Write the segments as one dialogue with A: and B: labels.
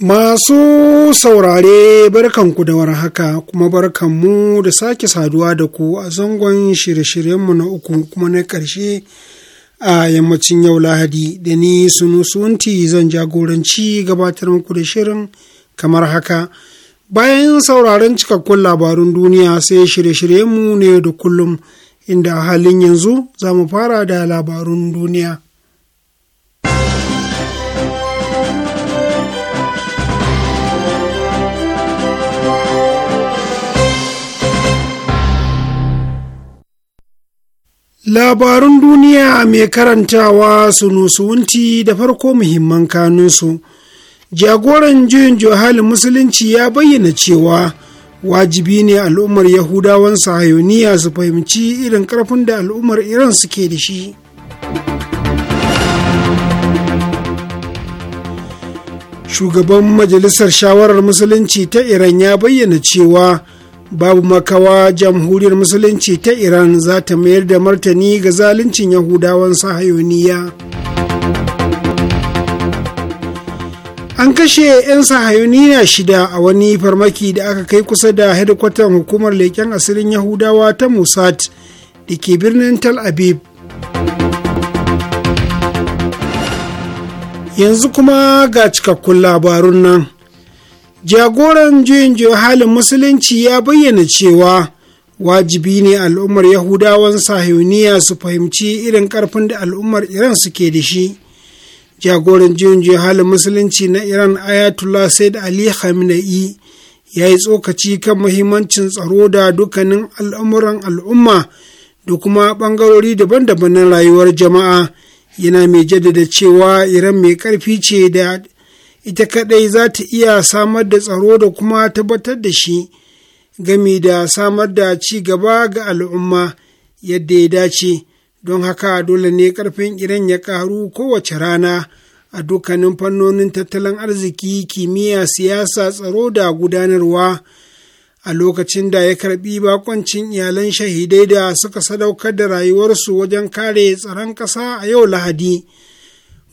A: Masu saurare barkanku da war haka kuma barkanmu da sake saduwa da ku a zangon shirye-shiryenmu na uku kuma na ƙarshe a yammacin yau Lahadi da ni sunu sunti zan jagoranci gabatar muku da shirin kamar haka. Bayan sauraron cikakkun labarun duniya sai shirye-shiryenmu ne da kullum inda halin yanzu za mu fara da labarun duniya. Labarun duniya mai karantawa su wunti da farko muhimman kanunsu. Jagoran juyin Johal Musulunci ya bayyana cewa wajibi ne al'ummar Yahudawan sahayoniya su fahimci irin ƙarfin da al'ummar Iran suke da shi. Shugaban Majalisar Shawarar Musulunci ta Iran ya bayyana cewa babu makawa jamhuriyar musulunci ta iran za ta mayar da martani ga zaluncin yahudawan sahayoniya an kashe 'yan sahayoniya shida a wani farmaki da aka kai kusa da hedikwatan hukumar leƙen asirin yahudawa ta mossad da ke birnin Tal aviv yanzu kuma ga cikakkun labarun nan jagoran juyin halin musulunci ya bayyana cewa wajibi ne al'ummar yahudawan sahiyoniya su fahimci irin karfin da al'ummar iran suke da shi jagoran juyin halin musulunci na iran ayatollah said ali khamenei ya yi tsokaci kan muhimmancin tsaro da dukkanin al'amuran al'umma da kuma ɓangarori daban-daban na rayuwar jama'a yana mai jaddada cewa iran mai karfi ce da ita kaɗai za ta iya samar da tsaro da kuma tabbatar da shi gami da samar da ci gaba ga al'umma yadda ya dace don haka dole ne ƙarfin iran ya ƙaru kowace rana a dukkanin fannonin tattalin arziki kimiyya siyasa tsaro da gudanarwa a lokacin da ya karbi bakoncin iyalan shahidai da suka sadaukar da rayuwarsu wajen kare tsaron ƙasa a yau lahadi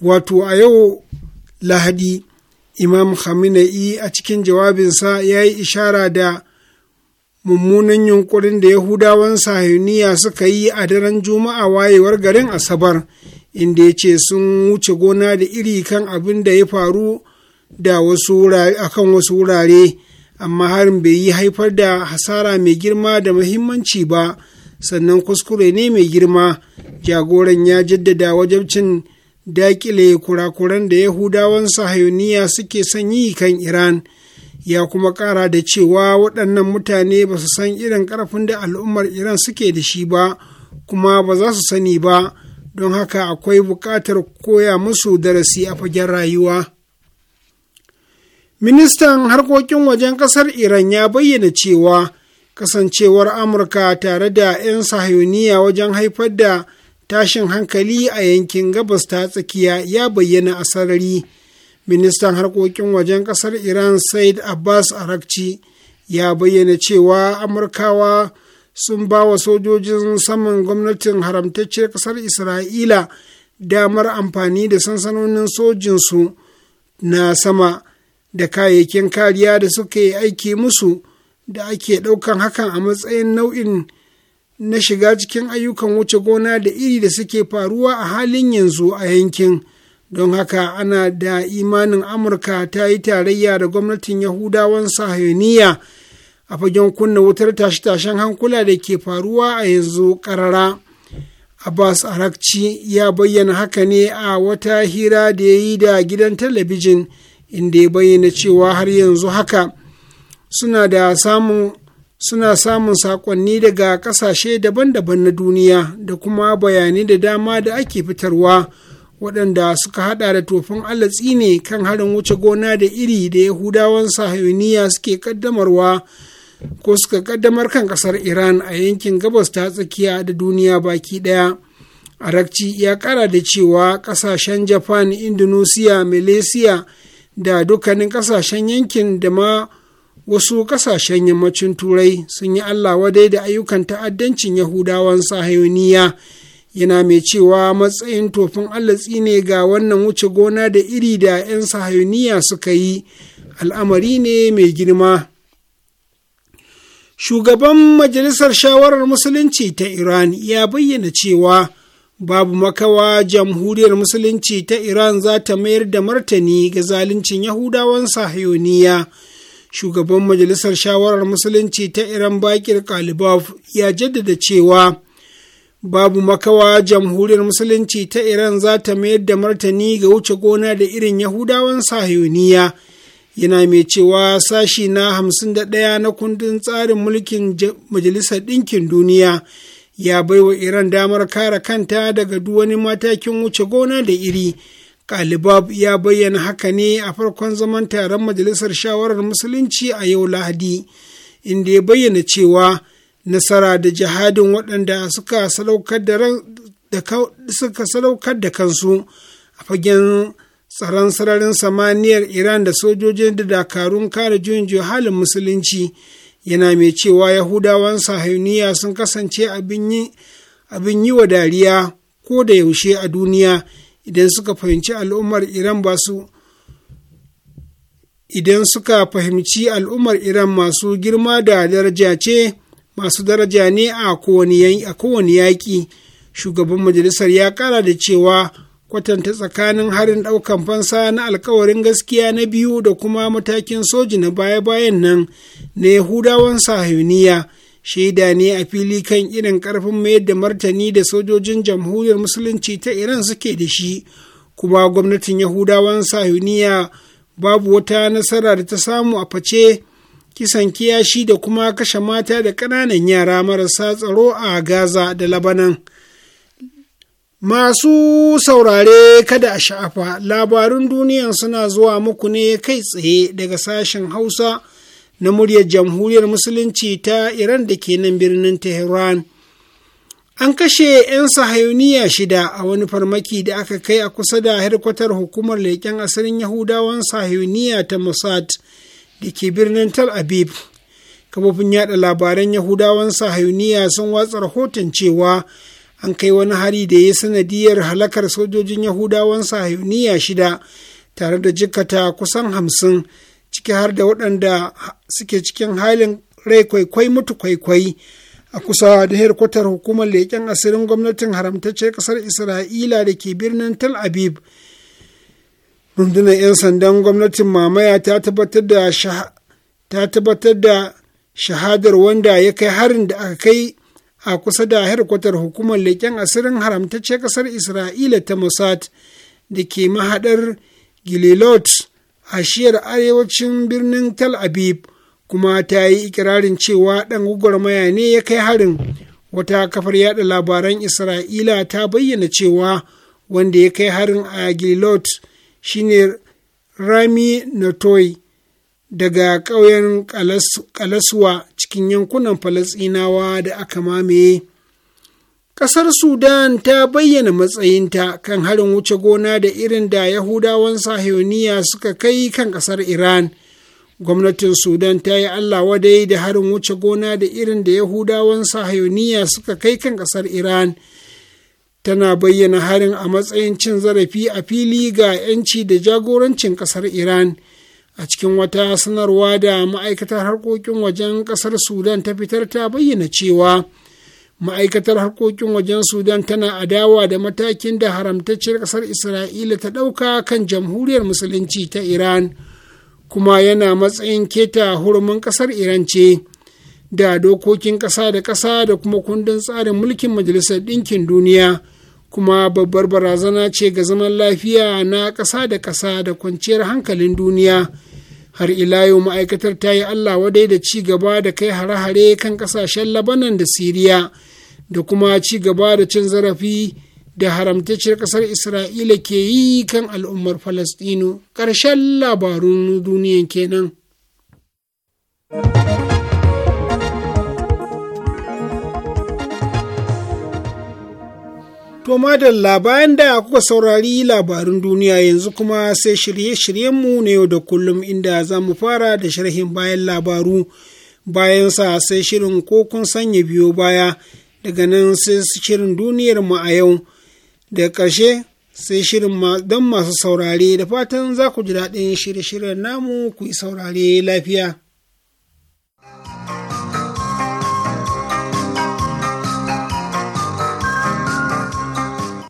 A: wato a yau lahadi imam Khamenei a cikin jawabinsa ya yi ishara da mummunan yunkurin da yahudawan sahiniya suka yi a daren juma'a wayewar garin asabar inda ya ce sun wuce gona da iri kan abin da ya faru da wasu akan wasu wurare amma harin bai yi haifar da hasara mai girma da muhimmanci ba sannan kuskure ne mai girma jagoran ya jaddada wajabcin daƙile kurakuran da yahudawan sahayuniya suke son yi kan iran ya kuma ƙara da cewa waɗannan mutane ba su san irin ƙarfin da al'ummar iran suke da shi ba kuma ba za su sani ba don haka akwai buƙatar koya musu darasi a fagen rayuwa ministan harkokin wajen ƙasar iran ya bayyana cewa kasancewar amurka tare da 'yan sahayuniya wajen haifar da tashin hankali a yankin gabas ta tsakiya ya bayyana a sarari ministan harkokin wajen kasar iran said abbas arakci ya bayyana cewa amurkawa sun ba wa sojojin saman gwamnatin haramtacciyar kasar isra'ila damar amfani da sansanonin sojinsu na sama da kayayyakin kariya da suka yi aiki musu da ake ɗaukan hakan a matsayin nau'in na shiga cikin ayyukan wuce gona da iri da suke faruwa a halin yanzu a yankin don haka ana da imanin amurka ta yi tarayya da gwamnatin yahudawan sahiyoniya a fagen kunna wutar tashe-tashen hankula da ke faruwa a yanzu karara abbas arakci ya bayyana haka ne a wata hira da ya yi da gidan talabijin inda ya bayyana cewa har yanzu haka suna da samun suna samun saƙonni daga ƙasashe daban-daban na duniya da kuma bayanai da dama da ake fitarwa waɗanda suka haɗa da tofin alatsi ne kan harin wuce gona da iri da yahudawan sahayuniya suke ƙaddamarwa ko suka ƙaddamar kan ƙasar iran a yankin gabas ta tsakiya da duniya baki ɗaya arakci ya kara da cewa ƙasashen japan indonesia malaysia da dukkanin ƙasashen yankin da ma wasu kasashen yammacin turai sun yi allah wadai da ayyukan ta'addancin yahudawan sahayoniya yana mai cewa matsayin tofin allatsi ne ga wannan wuce gona da iri da 'yan sahayoniya suka yi al'amari ne mai girma shugaban majalisar shawarar musulunci ta iran ya bayyana cewa babu makawa jamhuriyar musulunci ta iran za ta mayar da martani ga zaluncin yahudawan sahayoniya. shugaban majalisar shawarar musulunci ta iran bakir kalibaf ya jaddada cewa babu makawa jamhuriyar musulunci ta iran za ta mayar da martani ga wuce gona da irin yahudawan sahiyoniya yana mai cewa sashi na 51 na kundin tsarin mulkin majalisar ɗinkin duniya ya baiwa iran damar kare kanta daga duk wani matakin wuce gona da iri Kalibab ya bayyana haka ne a farkon zaman taron Majalisar Shawarar Musulunci a yau Lahadi, inda ya bayyana cewa nasara da jihadin waɗanda suka sadaukar da kansu a fagen tsaron sararin samaniyar Iran da sojojin da dakarun kare juyin halin musulunci yana mai cewa Yahudawan sahiniya sun kasance abin yi wa dariya ko da yaushe a duniya. idan suka fahimci al'ummar iran ba idan suka fahimci al'ummar iran masu girma da daraja ce masu daraja ne a kowane yaƙi shugaban majalisar ya ƙara da cewa kwatanta tsakanin harin ɗaukan fansa na alkawarin gaskiya na biyu da kuma matakin soji na baya-bayan nan na yahudawan sahiyuniya shaida ne a fili kan irin karfin mayar da martani da sojojin jamhuriyar musulunci ta iran suke da shi kuma gwamnatin yahudawan sahuniya babu wata nasara da ta samu a face kisan kiyashi da kuma kashe mata da ƙananan yara marasa tsaro a gaza da labanan masu saurare kada a sha'afa labarun duniyan suna zuwa muku ne kai tsaye daga sashen hausa na muryar jamhuriyar musulunci ta iran da ke nan birnin tehran an kashe 'yan sahayuniya shida a wani farmaki da aka kai a kusa da harkwatar hukumar leƙen asirin yahudawan sahayuniya ta mossad da ke birnin tal Abib. kafofin yada labaran yahudawan sahayuniya sun watsa rahoton cewa an kai wani hari da ya sanadiyar halakar sojojin yahudawan sahayuniya shida tare da jikata kusan hamsin ciki har da waɗanda suke cikin halin rai kwaikwai mutu kwaikwai a kusa da herkwatar hukumar leƙen asirin gwamnatin haramtacce ƙasar isra'ila da ke birnin tel aviv rundunar 'yan sandan gwamnatin mamaya ta tabbatar da shahadar wanda ya kai harin da aka kai a kusa da herkwatar hukumar leƙen asirin haramtacce ƙasar isra'ila ta mossad da ke mahaɗar gililot a shiyar arewacin birnin Tel Aviv kuma ta yi ikirarin cewa ɗan gwagwarmaya ne ya kai harin. Wata kafar yada labaran Isra'ila ta bayyana cewa wanda ya kai harin a Gilot shine Rami natoy daga ƙauyen Kalaswa cikin yankunan Falasɗinawa da aka mamaye. Ƙasar Sudan ta bayyana matsayinta kan harin wuce gona da irin da Yahudawan sahiyoniya suka kai kan ƙasar Iran. Gwamnatin Sudan ta yi Allah wadai da harin wuce gona da irin da Yahudawan sahiyoniya suka kai kan ƙasar Iran. Tana bayyana harin a matsayin cin zarafi a fili ga 'yanci da jagorancin ƙasar Iran. A cikin wata sanarwa da ma'aikatar harkokin wajen ƙasar Sudan ta fitar ta bayyana cewa. ma'aikatar harkokin wajen sudan tana adawa da matakin da haramtacciyar ƙasar isra'ila ta ɗauka kan jamhuriyar musulunci ta iran kuma yana matsayin keta hurumin ƙasar iran ce da dokokin ƙasa da ƙasa da kuma kundin tsarin mulkin majalisar ɗinkin duniya kuma babbar barazana ce ga zaman lafiya na ƙasa da ƙasa da kwanciyar hankalin duniya. har ila yau ma'aikatar ta yi Allah wadai da ci gaba da kai hare-hare kan ƙasashen Labanan da Siriya da kuma ci gaba da cin zarafi da haramtacciyar ƙasar isra'ila ke yi kan al'ummar falastinu ƙarshen labarun duniya kenan. To da bayan da kuka saurari labarun duniya yanzu kuma sai shirye-shiryenmu na yau da kullum inda za mu fara da sharhin bayan labaru bayan sa sai shirin ko kun sanya biyo baya daga nan sai shirin duniyar mu a yau da ƙarshe sai shirin don masu saurare da fatan za ku ji daɗin shirye-shiryen namu ku yi saurare lafiya.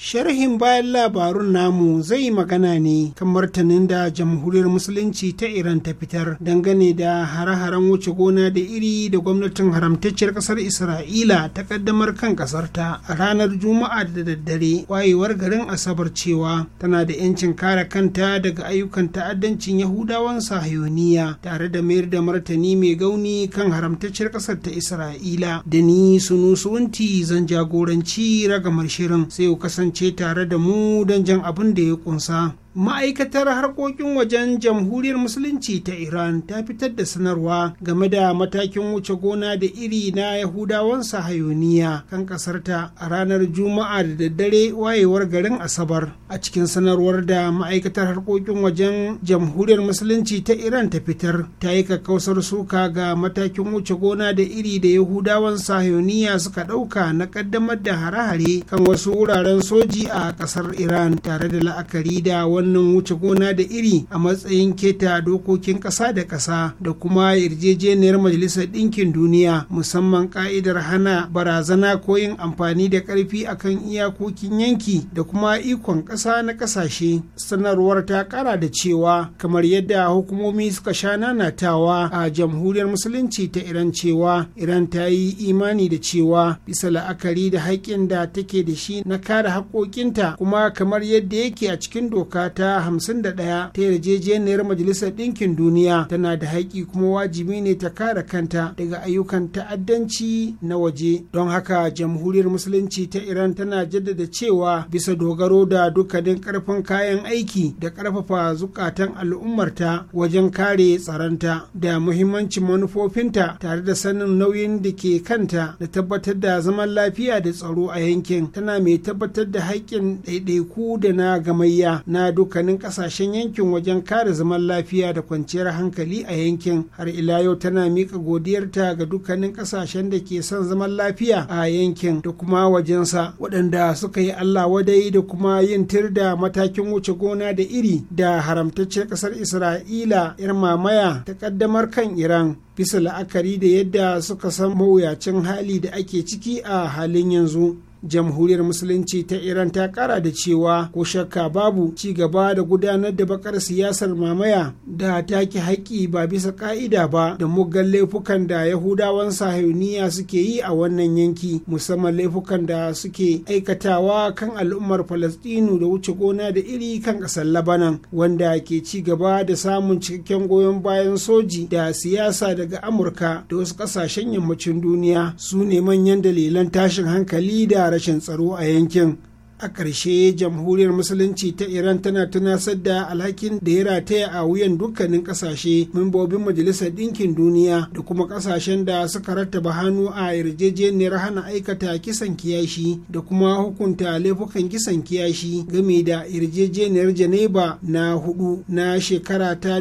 A: Sharhin bayan labarun namu zai magana ne kan martanin da jamhuriyar musulunci ta Iran ta fitar dangane da hare-haren wuce gona da iri da gwamnatin haramtacciyar kasar Isra'ila ta kaddamar kan kasarta a ranar Juma'a da daddare wayewar garin Asabar cewa tana da 'yancin kare kanta daga ayyukan ta'addancin Yahudawan Sahiyoniya tare da mayar da martani mai gauni kan haramtacciyar kasar ta Isra'ila da ni sunusuwanti zan jagoranci ragamar shirin sai ku kasance kasance tare da mu don jan abin da ya kunsa. ma'aikatar harkokin wajen jamhuriyar musulunci ta iran ta fitar da sanarwa game da matakin wuce gona da iri na yahudawan sahayoniya kan kasarta a ranar juma'a da daddare wayewar garin asabar a cikin sanarwar da ma'aikatar harkokin wajen jamhuriyar musulunci ta iran ta fitar ta yi kakkausar suka ga matakin wuce gona da iri da yahudawan sahayoniya suka ɗauka na ƙaddamar da hare-hare kan wasu wuraren soji a ƙasar iran tare da la'akari da wani fannin wuce gona da iri a matsayin keta dokokin ƙasa da ƙasa da kuma yarjejeniyar majalisar ɗinkin duniya musamman ƙa'idar hana barazana ko yin amfani da ƙarfi akan iyakokin yanki da kuma ikon ƙasa na ƙasashe sanarwar ta ƙara da cewa kamar yadda hukumomi suka sha nanatawa a jamhuriyar musulunci ta iran cewa iran ta yi imani da cewa bisa la'akari da haƙƙin da take da shi na kare haƙƙoƙinta kuma kamar yadda yake a cikin doka ta 51 ta yarjejeniyar majalisar ɗinkin duniya tana da haƙƙi kuma wajibi ne ta kare kanta daga ayyukan ta'addanci na waje don haka jamhuriyar musulunci ta iran tana jaddada cewa bisa dogaro da dukkanin ƙarfin kayan aiki da ƙarfafa zukatan al'ummarta wajen kare tsaronta da muhimmancin manufofinta tare da sanin nauyin da ke kanta da tabbatar da zaman lafiya da tsaro a yankin tana mai tabbatar da haƙƙin ɗaiɗaiku da na gamayya na duk dukkanin kasashen yankin wajen kare zaman lafiya da kwanciyar hankali a yankin har ila yau tana miƙa godiyarta ga dukkanin kasashen da ke son zaman lafiya a yankin da kuma wajensa waɗanda suka yi allah wadai da kuma yin tir da matakin wuce gona da iri da haramtacciyar ƙasar isra'ila 'yar mamaya ta ƙaddamar kan iran bisa la'akari da yadda suka san mawuyacin hali da ake ciki a halin yanzu jamhuriyar musulunci ta iran ta kara da cewa ko shakka babu ci gaba da gudanar da bakar siyasar mamaya da take haƙƙi ba bisa ka'ida ba da muggan laifukan da yahudawan Sahauniya suke yi a wannan yanki musamman laifukan da suke aikatawa kan al'ummar falastinu da wuce gona da iri kan ƙasar labanan wanda ke ci gaba da samun cikakken goyon bayan soji da siyasa daga amurka da wasu ƙasashen yammacin duniya su ne manyan dalilan tashin hankali da rashin tsaro a yankin a ƙarshe jamhuriyar musulunci ta iran tana tunasar da alhakin da ya rataya a wuyan dukkanin ƙasashe membobin majalisar ɗinkin duniya da kuma ƙasashen da suka rattaba hannu a yarjejeniyar hana aikata kisan kiyashi da kuma hukunta laifukan kisan kiyashi game da yarjejeniyar janeba na hudu na shekara ta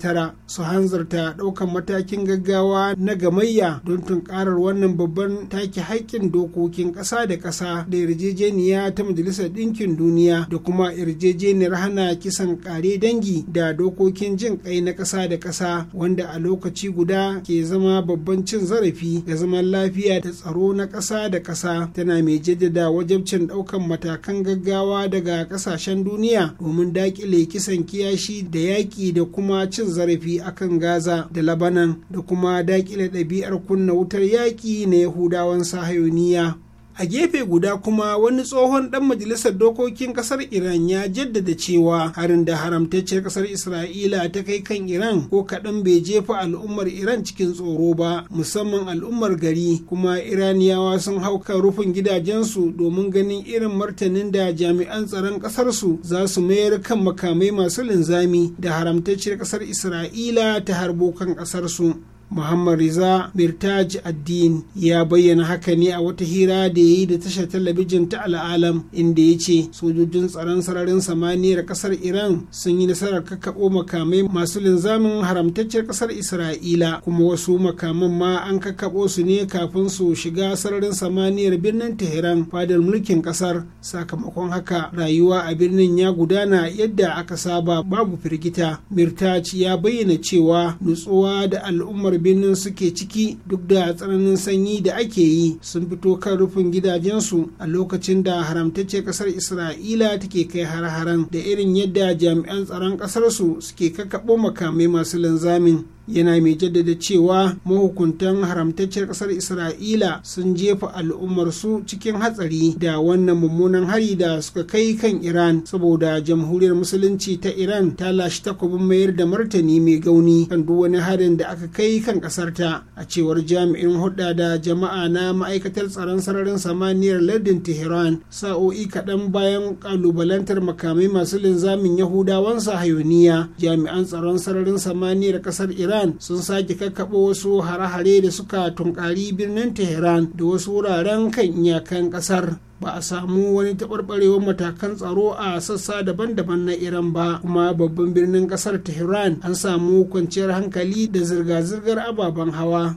A: tara, su hanzarta ɗaukan matakin gaggawa na gamayya don tunkarar wannan babban take haƙƙin dokokin ƙasa da ƙasa ƙasa da yarjejeniya ta majalisar ɗinkin duniya da kuma yarjejeniyar hana kisan ƙare dangi da dokokin jin ƙai na ƙasa da ƙasa wanda a lokaci guda ke zama babban cin zarafi ga zaman lafiya da tsaro na ƙasa da ƙasa tana mai jaddada wajabcin ɗaukan matakan gaggawa daga ƙasashen duniya domin daƙile kisan kiyashi da yaƙi da kuma cin zarafi akan gaza da labanan da kuma daƙile ɗabi'ar kunna wutar yaƙi na yahudawan sahayoniya a gefe guda kuma wani tsohon dan majalisar dokokin kasar iran ya jaddada cewa harin da haramtacciyar kasar isra'ila ta kai kan iran ko kaɗan bai jefa al'ummar iran cikin tsoro ba musamman al'ummar gari kuma iraniyawa sun hauka rufin gidajensu domin ganin irin martanin da jami'an tsaron kasarsu za su mayar kan makamai masu linzami da haramtacciyar kasar isra'ila ta harbo kan kasarsu Muhammad Riza Birtaj Addin ya bayyana haka ne a wata hira da ya yi da tashar talabijin ta al'alam inda ya ce sojojin tsaron sararin samaniyar kasar Iran sun yi nasarar kakkaɓo makamai masu linzamin haramtacciyar kasar Isra'ila kuma wasu makaman ma an kakkaɓo su ne kafin su shiga sararin samaniyar birnin Tehran fadar mulkin kasar sakamakon haka rayuwa a birnin ya gudana yadda aka saba babu firgita mirtaj ya bayyana cewa nutsuwa da al'ummar al'ummar birnin suke ciki duk da tsananin sanyi da ake yi sun fito kan rufin gidajensu a lokacin da haramtacce kasar isra'ila take kai har-haren da irin yadda jami'an tsaron kasarsu suke kakkaɓo makamai masu linzamin yana mai jaddada cewa mahukuntan haramtacciyar ƙasar isra'ila sun jefa al'ummar su cikin hatsari da wannan mummunan hari da suka kai kan iran saboda jamhuriyar musulunci ta iran ta lashe takwabin mayar da martani mai gauni kan duk wani harin da aka kai kan ƙasarta a cewar jami'in hudda da jama'a na ma'aikatar tsaron sararin samaniyar lardin tehran sa'o'i kaɗan bayan ƙalubalantar makamai masu linzamin yahudawan sahayoniya jami'an tsaron sararin samaniyar ƙasar iran iran sun sake kakkaɓo wasu hare-hare da suka tunkari birnin tehran da wasu wuraren kan iyakan ƙasar ba a samu wani taɓarɓarewar matakan tsaro a sassa daban-daban na iran ba kuma babban birnin ƙasar tehran an samu kwanciyar hankali da zirga-zirgar ababen hawa.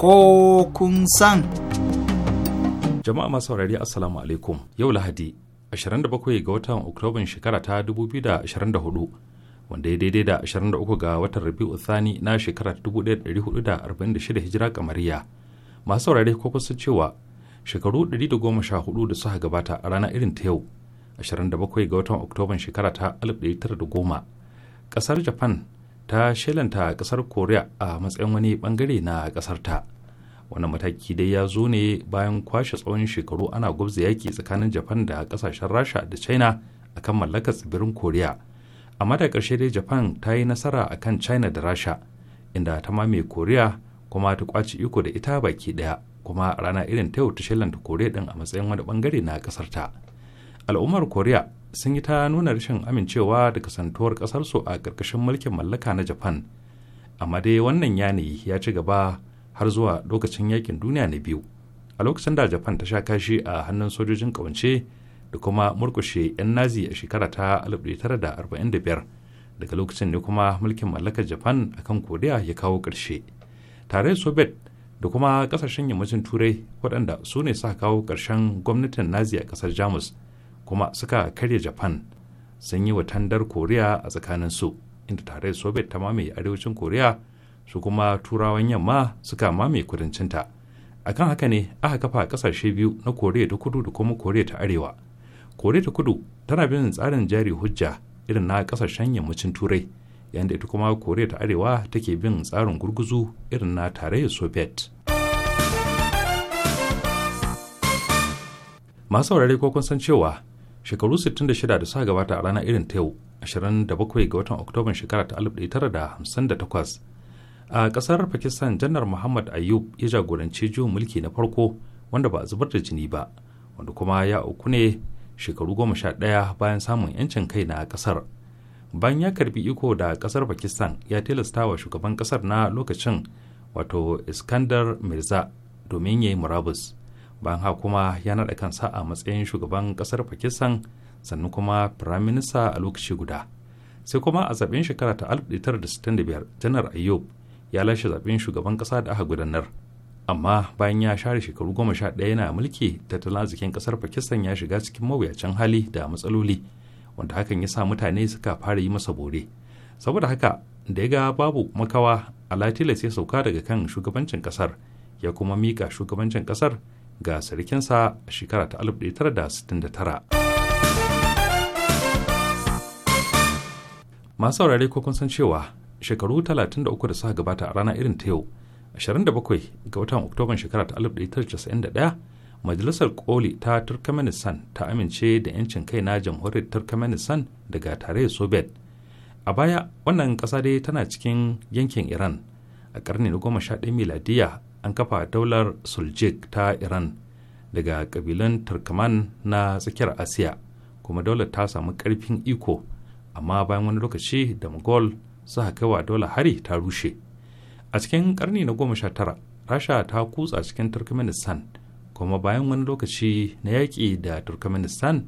B: ko kun san.
C: Jama'a masu saurari Assalamu alaikum yau Lahadi 27 ga watan Oktoban shekara ta 2024 wanda ya daidai da 23 ga watan Rabi'u Thani na shekara 1446 hijira kamariya. Masu saurari ko kusa cewa shekaru 114 da suka gabata a rana irin ta yau 27 ga watan Oktoban shekara ta 1910 kasar Japan ta shelanta kasar koriya a matsayin wani bangare na kasar ta wani mataki dai ya zo ne bayan kwashe tsawon shekaru ana gwabza yaki tsakanin japan da kasashen rasha da china akan mallakar tsibirin koriya amma da ƙarshe dai japan ta yi nasara akan china da rasha inda ta mame koriya kuma ta kwaci iko da ita baki daya kuma rana irin ta yau ta shelanta koriya din a matsayin wani bangare na kasar ta al'ummar koriya sun yi ta nuna rashin amincewa da kasantuwar ƙasarsu a ƙarƙashin mulkin mallaka na japan amma dai wannan yanayi ya ci gaba har zuwa lokacin yakin duniya na biyu a lokacin da japan ta sha kashi a hannun sojojin ƙawance da kuma murkushe 'yan nazi a shekara ta 1945 daga lokacin ne kuma mulkin mallakar japan akan koriya ya kawo ƙarshe tare soviet da kuma ƙasashen yammacin turai waɗanda su ne sa kawo ƙarshen gwamnatin nazi a ƙasar jamus kuma suka karya japan sun yi tandar koriya a tsakanin su inda tare da soviet ta mamaye arewacin koriya su kuma turawan yamma suka mamaye kudancinta akan haka ne aka kafa kasashe biyu na koriya ta kudu da kuma koriya ta arewa koriya ta kudu tana bin tsarin jari hujja irin na kasashen yammacin turai yadda ita kuma koriya ta arewa take bin tsarin gurguzu irin na tarayyar soviet masu saurare ko kun san cewa shekaru 66 da suka gabata a ranar irin ta yau 27 ga watan oktoban shekara ta 1958 a kasar pakistan janar muhammad ayub ya jagoranci juyin mulki na farko wanda ba a zubar da jini ba wanda kuma ya uku ne shekaru goma sha ɗaya bayan samun yancin kai na kasar bayan ya karbi iko da kasar pakistan ya tilasta wa shugaban kasar na lokacin wato iskandar mirza domin ya yi murabus bayan kuma ya naɗa kansa a matsayin shugaban ƙasar pakistan sannan kuma firaminista a lokaci guda sai kuma a zaɓen shekara ta 1965 janar ayyub ya lashe zaɓen shugaban ƙasa da aka gudanar amma bayan ya share shekaru goma sha ɗaya yana mulki tattalin arzikin ƙasar pakistan ya shiga cikin mawuyacin hali da matsaloli wanda hakan ya sa mutane suka fara yi masa bore saboda haka da ya ga babu makawa alatila ya sauka daga kan shugabancin ƙasar ya kuma mika shugabancin ƙasar ga sarkinsa a shekara ta 1969 masu saurare ko kun san cewa shekaru 33 da suka gabata a rana irin ta yau 27 ga watan oktoban shekara ta 1991 majalisar koli ta turkmenistan ta amince da 'yancin kai na jamhuriyar turkmenistan daga tarayyar soviet a baya wannan ƙasa dai tana cikin yankin iran a ƙarni na goma sha ɗaya an kafa daular suljik ta iran daga kabilan turkman na tsakiyar asiya kuma daular ta samu karfin iko amma bayan wani lokaci da mughal su kai wa daular hari ta rushe a cikin karni na goma sha tara rasha ta kutsa cikin turkmenistan kuma bayan wani lokaci na yaƙi da turkmenistan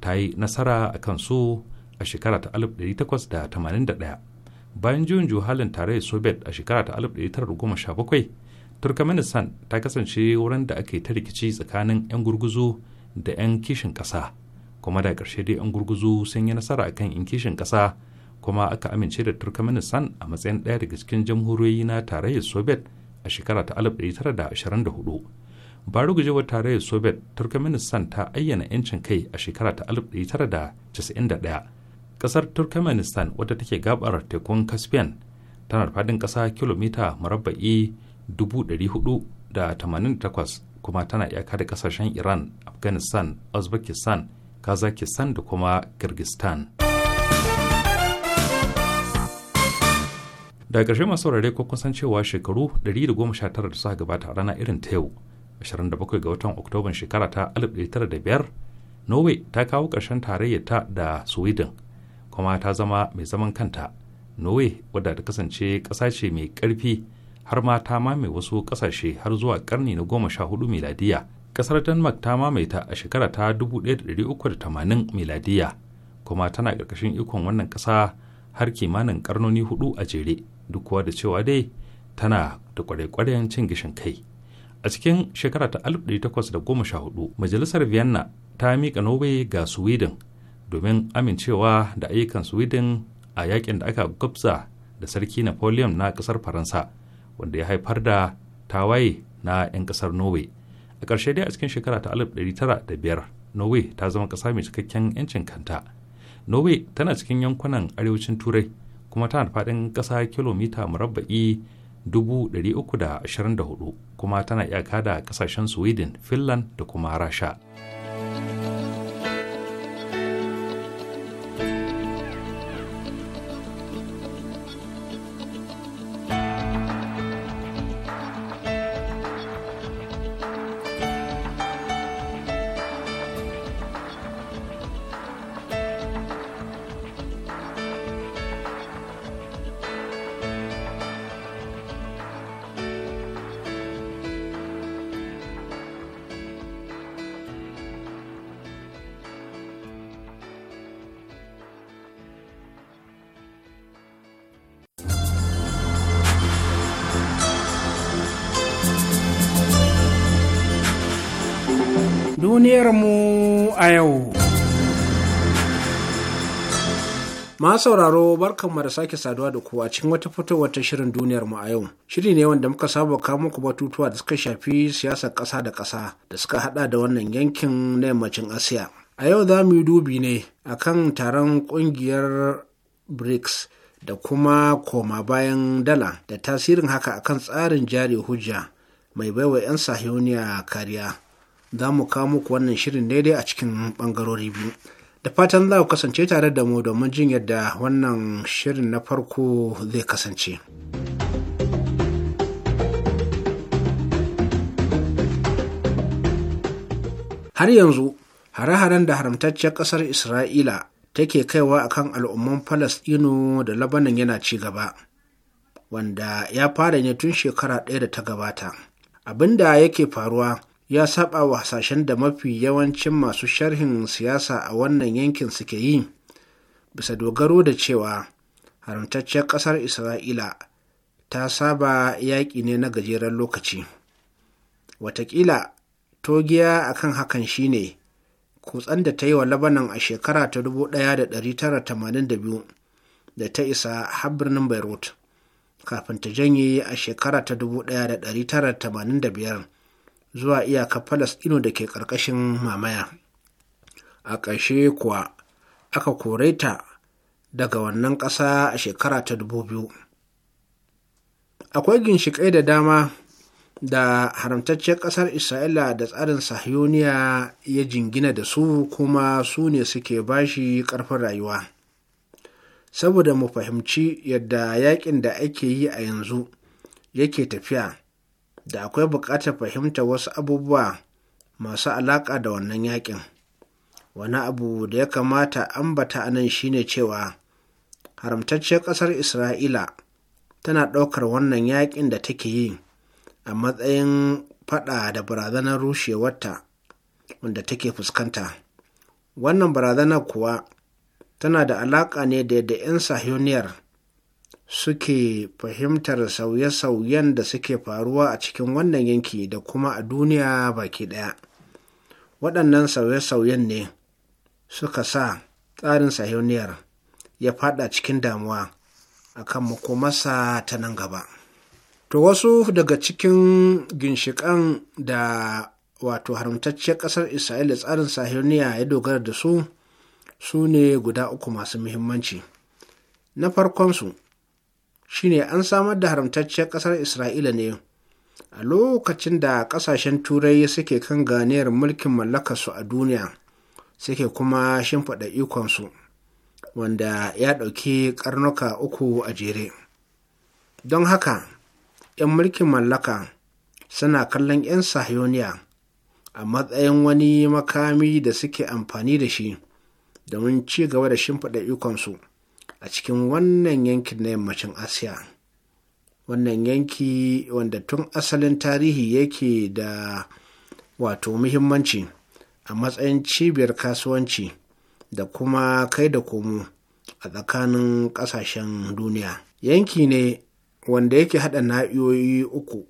C: ta yi nasara a kansu a shekara ta 1881 bayan juyin juhalin tarayyar soviet a shekara ta 1917 turkmenistan ta kasance wurin da ake ta rikici tsakanin 'yan gurguzu da 'yan kishin ƙasa kuma da ƙarshe dai 'yan gurguzu sun yi nasara akan 'yan kishin ƙasa kuma aka amince da turkmenistan a matsayin ɗaya daga cikin jamhuriyoyi na tarayyar soviet a shekara ta 1924 ba rugujewar tarayyar soviet turkmenistan ta ayyana 'yancin kai a shekara ta 1991 ƙasar turkmenistan wadda take gabar tekun caspian tana da faɗin ƙasa kilomita marabba'i 488 kuma tana iyaka da kasashen iran afghanistan uzbekistan kazakistan da kuma kyrgyzstan daga ƙarshe masu saurare ko kusan cewa shekaru 119 da suka gabata rana irin ta yau 27 ga watan oktoban shekara ta 1905 norway ta kawo ƙarshen tarayyarta ta da sweden kuma ta zama mai zaman kanta norway wadda ta kasance ƙasa ce mai ƙarfi har ma ta mame wasu kasashe har zuwa karni na goma sha hudu miladiya kasar denmark ta mamaye ta a shekara ta 1380 miladiya kuma tana ƙarƙashin ikon wannan ƙasa har kimanin ƙarnoni hudu a jere duk da cewa dai tana da kwarekwaren cin gishin kai a cikin shekara ta 1814 majalisar vienna ta miƙa nobe ga sweden domin amincewa da ayyukan sweden a yakin da aka gabza da sarki napoleon na ƙasar faransa wanda ya haifar da tawaye na 'yan kasar norway a ƙarshe dai a cikin shekara ta 1905 norway ta zama ƙasa mai cikakken 'yancin kanta norway tana cikin yankunan arewacin turai kuma tana faɗin ƙasa kilomita murabba'i 324 kuma tana iyaka da ƙasashen sweden finland da kuma rasha
D: duniyarmu a yau. Ma sauraro barkanmu da sake saduwa da kowa cikin wata fitowar ta shirin duniyarmu a yau. Shiri ne wanda muka saba kawo muku batutuwa da suka shafi siyasar ƙasa da ƙasa da suka hada da wannan yankin na yammacin Asiya. A yau za mu yi dubi ne akan taron ƙungiyar BRICS da kuma koma bayan dala da tasirin haka akan tsarin jari hujja mai baiwa 'yan sahiyoniya kariya. za mu kawo muku wannan shirin daidai a cikin ɓangarori biyu da fatan za ku kasance tare da mu domin jin yadda wannan shirin na farko zai kasance. har yanzu hare-haren da haramtacciyar ƙasar isra'ila take kaiwa a kan al'umman Falasɗinu da labanan yana ci gaba wanda ya fara ne tun shekara ɗaya da ta gabata abin da yake faruwa ya saba wa hasashen da mafi yawancin masu sharhin siyasa a wannan yankin suke yi bisa dogaro da cewa haramtacciyar ƙasar isra'ila ta saba yaƙi ne na gajeren lokaci watakila togiya akan hakan shine kutsan da ta yi wa labanan a shekara ta 1982 da ta isa har birnin beirut kafin ta janye a shekara ta 1985 zuwa iyaka falas ino da ke ƙarƙashin mamaya. A ƙarshe kuwa aka kore ta daga wannan ƙasa a shekara ta dubu biyu. Akwai ginshiƙai da dama da haramtacciyar ƙasar Isra'ila da tsarin Sahiyoniya ya jingina da su kuma su ne suke bashi ƙarfin rayuwa. Saboda mu fahimci yadda yaƙin da ake yi a yanzu yake tafiya. da akwai buƙatar fahimta wasu abubuwa masu alaƙa da wannan yaƙin. wani abu da ya kamata ambata a nan shine cewa haramtacciyar ƙasar isra'ila tana ɗaukar wannan yaƙin da take yi a matsayin faɗa da barazanar rushewarta wanda take fuskanta wannan barazanar kuwa tana da alaƙa ne da yadda 'yan sahiyoniyar suke fahimtar sauye-sauyen da suke faruwa a cikin wannan yanki da kuma a duniya baki ɗaya waɗannan sauye-sauyen ne suka sa tsarin sahiyoniyar ya fada cikin damuwa akan makomarsa ta nan gaba to wasu daga cikin ginshiƙan da wato haramtacciyar ƙasar isra'ila tsarin sahiyoniya ya dogara da su su ne guda uku masu muhimmanci na farkonsu shine an samar da haramtacciyar ƙasar isra'ila ne a lokacin da ƙasashen turai suke kan ganiyar mulkin mallakarsu a duniya suke kuma shimfiɗa ikonsu wanda ya ɗauki ƙarnuka uku a jere don haka 'yan mulkin mallaka suna kallon 'yan sahiyoniya a matsayin wani makami da suke amfani da shi domin ci gaba da shimfiɗa ikonsu a cikin wannan yankin na yammacin asiya wannan yanki wanda tun asalin tarihi yake da wato muhimmanci a matsayin cibiyar kasuwanci da kuma kai da komo a tsakanin ƙasashen duniya yanki ne wanda yake haɗa na'iyoyi uku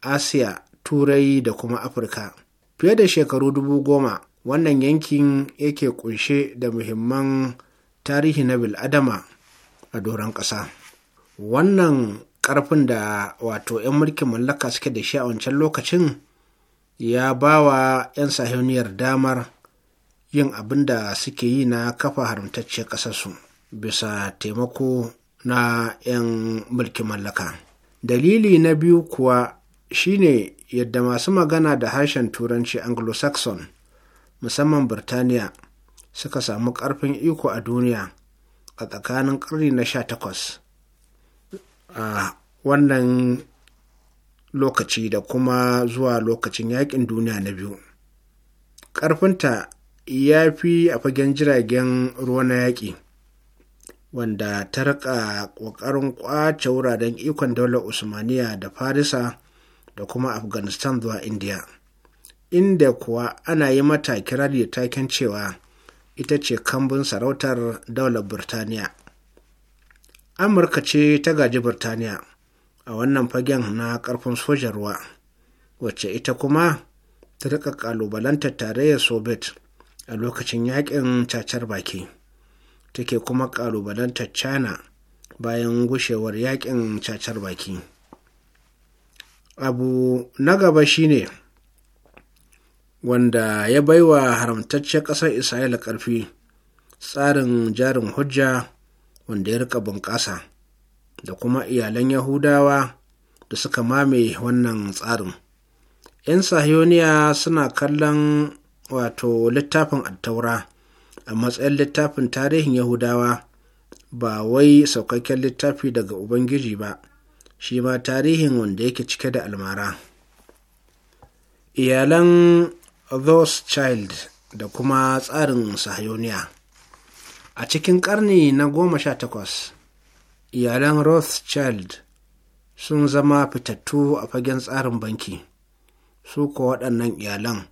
D: asiya turai da kuma afirka fiye da shekaru dubu goma wannan yankin yake kunshe da muhimman tarihi na bil'adama a doron ƙasa wannan ƙarfin da wato 'yan mulkin mallaka suke da shi a wancan lokacin ya ba wa 'yan sahiyoniyar damar yin abin da suke yi na kafa haramtacce ƙasarsu bisa taimako na 'yan mulkin mallaka dalili na biyu kuwa shine yadda masu magana da harshen turanci anglo-saxon musamman birtaniya suka samu ƙarfin iko a duniya a tsakanin ƙarni na sha takwas a wannan lokaci da kuma zuwa lokacin yaƙin duniya na biyu ƙarfinta ya fi a fagen jiragen ruwa na yaƙi wanda ta rika ƙoƙarin ƙwace wuraren ikon daular usmaniya da farisa da kuma afghanistan zuwa india inda kuwa ana yi mata kirari da taken cewa ita ce kambun sarautar daular Birtaniya. Amurka ce ta gaji Birtaniya a wannan fagen na ƙarfin sojan ruwa, wacce ita kuma ta riƙa ƙalubalantar tarayyar Soviet a lokacin yaƙin cacar baki, take kuma ƙalubalantar China bayan gushewar yaƙin cacar baki. Abu na gaba shine ne wanda ya baiwa haramtacciyar ƙasar isra'ila ƙarfi tsarin jarin hujja wanda ya rika bunƙasa da kuma iyalan yahudawa da suka mame wannan tsarin 'yan sahiyoniya suna kallon wato littafin attaura a matsayin littafin tarihin yahudawa ba wai saukakken littafi daga ubangiji ba shi ma tarihin wanda yake cike da almara iyalan rose-child da kuma tsarin sahayoniya a cikin ƙarni na goma sha takwas iyalan rothschild sun zama fitattu a fagen tsarin banki su ko waɗannan iyalan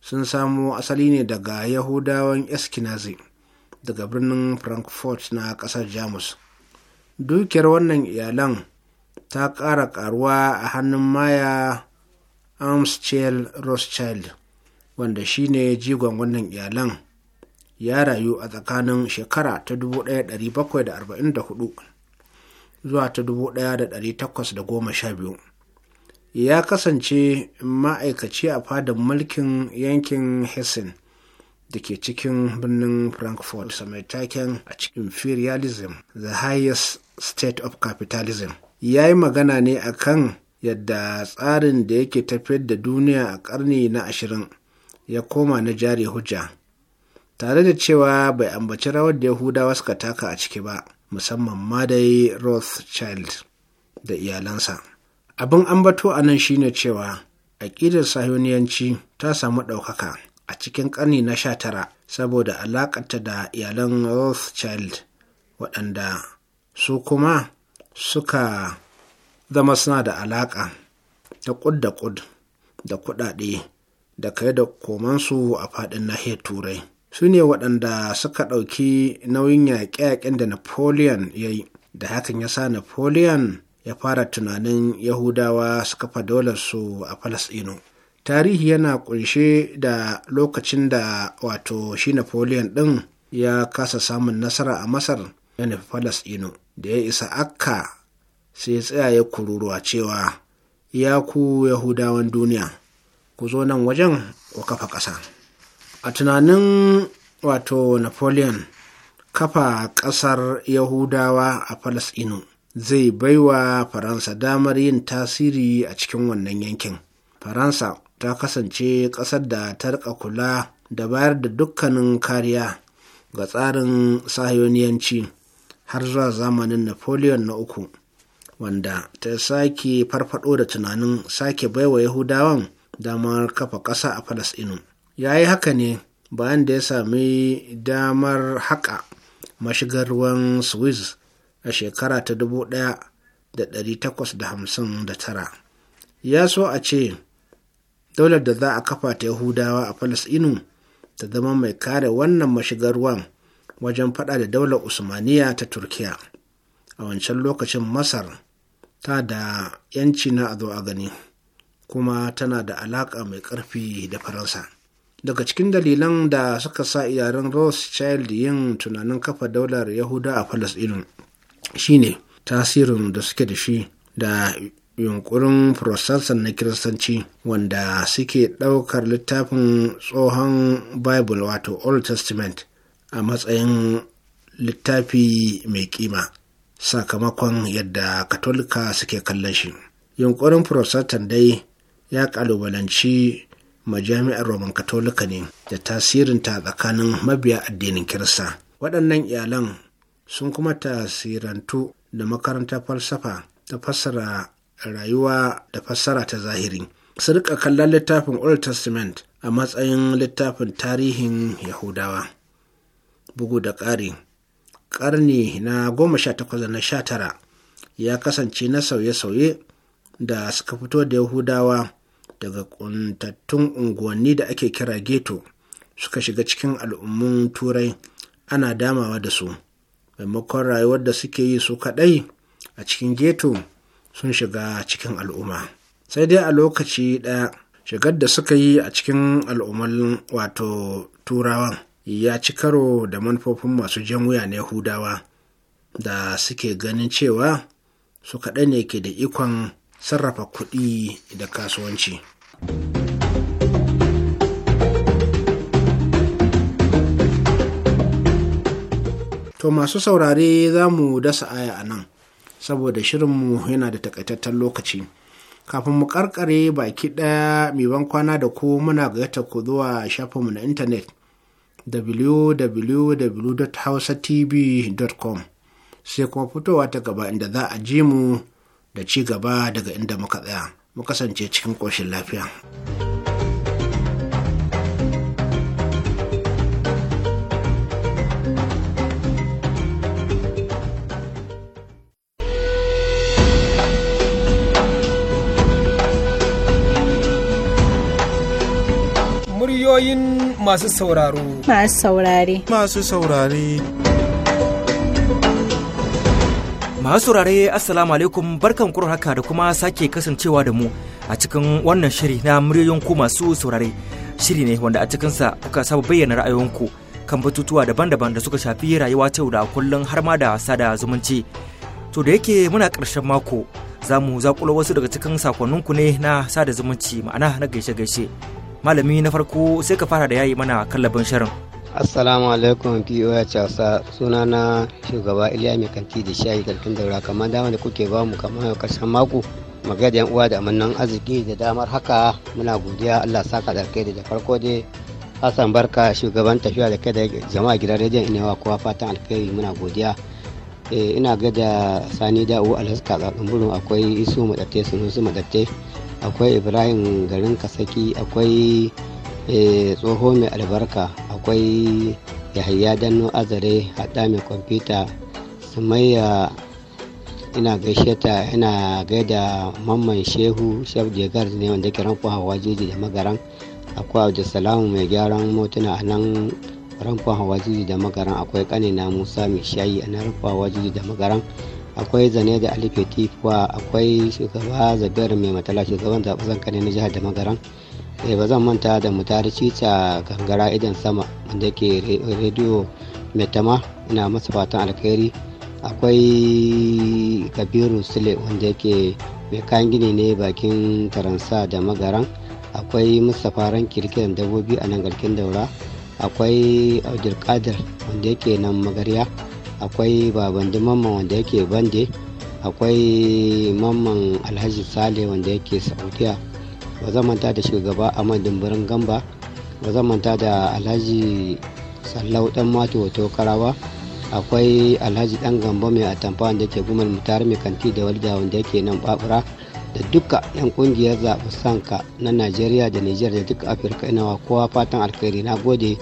D: sun samo asali ne daga yahudawan eskinazi daga birnin frankfurt na ƙasar jamus dukiyar wannan iyalan ta ƙara ƙaruwa a hannun maya amschel rothschild wanda shi shine jigon wannan iyalan ya rayu a tsakanin shekara ta 1744 zuwa ta 1812 ya kasance ma'aikaci a fadin mulkin yankin hessen da ke cikin birnin frankfurt mai taken a cikin imperialism the highest state of capitalism ya yi magana ne akan yadda tsarin da yake tafiyar da duniya a karni na ashirin ya koma na jari hujja tare da cewa bai ambaci rawar da yahudawa suka taka a ciki ba musamman ma dai rothschild da iyalansa abin ambato a nan shine cewa aƙidar sahuniyanci ta samu ɗaukaka a cikin ƙarni na sha tara saboda alaƙarta da iyalan rothschild waɗanda su kuma suka zama suna da alaƙa ta ƙud da ƙud da kuɗaɗe da kai da komansu a faɗin nahiyar turai su ne waɗanda suka ɗauki nauyin yaƙe-yaƙen da napoleon ya yi da hakan ya sa napoleon ya fara tunanin yahudawa suka fa su a falasɗinu tarihi yana ƙunshe da lokacin da wato shi napoleon ɗin ya kasa samun nasara a masar ya nufi falasɗinu da ya isa akka sai ya tsaya ya kururuwa cewa ya ku yahudawan duniya ku zo nan wajen ku kafa ƙasa a tunanin wato napoleon kafa ƙasar yahudawa a falasɗinu zai baiwa faransa damar yin tasiri a cikin wannan yankin faransa ta kasance ƙasar da ta rika kula da bayar da dukkanin kariya ga tsarin sahiyoniyanci har zuwa zamanin napoleon na uku wanda ta sake farfado da tunanin sake baiwa yahudawan damar kafa ƙasa a falasɗinu ya yi haka ne bayan da ya sami damar haƙa mashigar ruwan swiss a shekara ta 1859 ya so a ce daular da za a kafa ta yahudawa a falasɗinu ta zama mai kare wannan mashigar ruwan wajen faɗa da daular usmaniya ta turkiya a wancan lokacin masar ta da yanci na a zo a gani kuma tana da alaƙa mai ƙarfi da faransa daga cikin dalilan da suka sa Rose Child, yin tunanin kafa daular yahuda a falasɗinu shine tasirin da suke da shi da yunkurin protestant na kiristanci wanda suke ɗaukar littafin tsohon bible wato old testament a matsayin littafi mai kima sakamakon yadda katolika suke kallon shi yunkurin protestant dai ya kalubalanci majami'ar roman katolika ne da tasirinta tsakanin mabiya addinin kirista waɗannan iyalan sun kuma tasirantu da makarantar falsafa ta fassara rayuwa da fassara ta zahiri su rika kallon littafin old testament a matsayin littafin tarihin yahudawa bugu da ƙari ƙarni na goma sha na sha tara ya kasance na sauye-sauye da suka fito da yahudawa daga ƙuntattun unguwanni da ake kira ghetto suka shiga cikin al'ummun turai ana damawa da su maimakon rayuwar da suke yi su kaɗai a cikin ghetto sun shiga cikin al'umma sai dai a lokaci ɗaya shigar da suka yi a cikin al'umman wato turawan ya ci karo da manufofin masu jan wuya na yahudawa da suke ganin cewa su kaɗai ne ke da ikon sarrafa kuɗi da kasuwanci. To masu saurare za mu dasa aya a nan, saboda shirinmu yana da takaitattar lokaci. Kafin mu karkare baki ɗaya mai ban kwana da ku muna gayyata ku zuwa shafinmu na intanet www.hausatv.com sai kuma fitowa ta gaba inda za a ji mu da ci gaba daga inda muka tsaya mu kasance cikin ƙoshin lafiya.
A: Muryoyin
B: masu sauraro.
E: Masu saurare.
B: Masu saurare. Masu saurare Assalamu alaikum barkan kurar haka da kuma sake kasancewa da mu a cikin wannan shiri na muryoyin ku masu saurare. Shiri ne wanda a cikinsa kuka saba bayyana ra'ayoyinku kan batutuwa daban-daban da suka shafi rayuwa ta yau da kullum har ma da sada zumunci. To da yake muna karshen mako za mu zaƙulo wasu daga cikin sakonninku ne na sada zumunci ma'ana na gaishe-gaishe. Malami na farko sai ka fara da yayi mana kallabin shirin.
F: assalamu alaikum poh hausa suna na shugaba iliya mai kanti da shayi garkin daura kamar dama da kuke bamu mu kamar karshen mako magana da uwa da amannan arziki da damar haka muna godiya allah saka da kai da farko dai hassan barka shugaban tafiya da kai da jama'a gidan rediyon inewa kowa fatan alkhairi muna godiya eh, ina ga da sani da'u alhaska kakamburin akwai isu madatte sunusu madatte akwai ibrahim garin kasaki akwai Eh, tsoho mai albarka akwai yahaya danno azare haɗa mai kwamfuta sumayya ina gaishe ta ina gaida mamman shehu shef jegar ne wanda kiran ku hawa jeji da magaran akwai salamu mai gyaran motuna a nan rumfa hawa jeji da magaran akwai kanina musa mai shayi a nan rumfa hawa jeji da magaran akwai zane da alifetifuwa akwai shugaba zabiyar mai matala shugaban zaɓen kane na jihar da magaran eh ba zan manta da mu cica gangara idan sama wanda ke rediyo metama ina masa fatan alkhairi akwai kabiru sule wanda yake mai kayan gini ne bakin taransa da magaran akwai mustapha ran kirkiran dabbobi a nan garkin daura akwai abdulkadir wanda yake nan magarya akwai babandi mamman wanda yake bande akwai mamman alhaji sale wanda yake saudiya ba zan manta da shugaba Ahmad Dumburin Gamba ba zan manta da Alhaji Sallau dan Mato karawa akwai Alhaji dan Gamba mai atamfa wanda ke gumar mutar mai kanti da walda wanda yake nan babura da duka 'yan kungiyar zaɓi sanka na najeriya da niger da duka afirka ina wa kowa fatan alkhairi na gode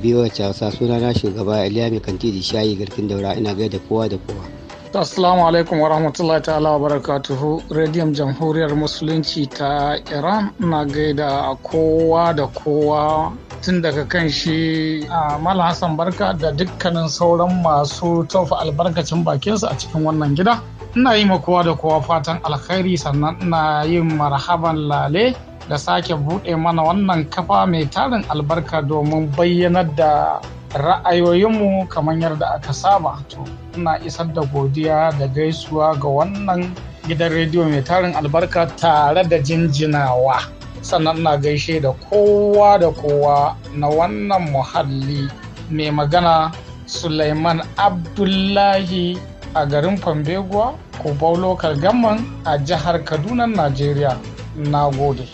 F: biyu eh, wacce wasa suna na shugaba iliya mai kanti da shayi garkin daura ina gaida kowa da kowa
A: Assalamu alaikum wa rahmatullahi ta'ala wa barakatuhu Radiyon Jamhuriyar Musulunci ta Iran na gaida kowa da kowa tun daga kan shi a Hassan Barka da dukkanin sauran masu tofa albarkacin bakinsu a cikin wannan gida. Ina yi kowa da kowa fatan alkhairi sannan ina yin marhaban lale da sake buɗe mana wannan kafa mai tarin albarka domin bayyanar da ra'ayoyinmu kamar yadda aka saba to ina isar da godiya da gaisuwa ga wannan gidan rediyo mai tarin albarka tare da jinjinawa sannan na gaishe da kowa da kowa na wannan muhalli mai magana suleiman abdullahi a garin fambeguwa ko lokal gamman a jihar kaduna
G: najeriya na gode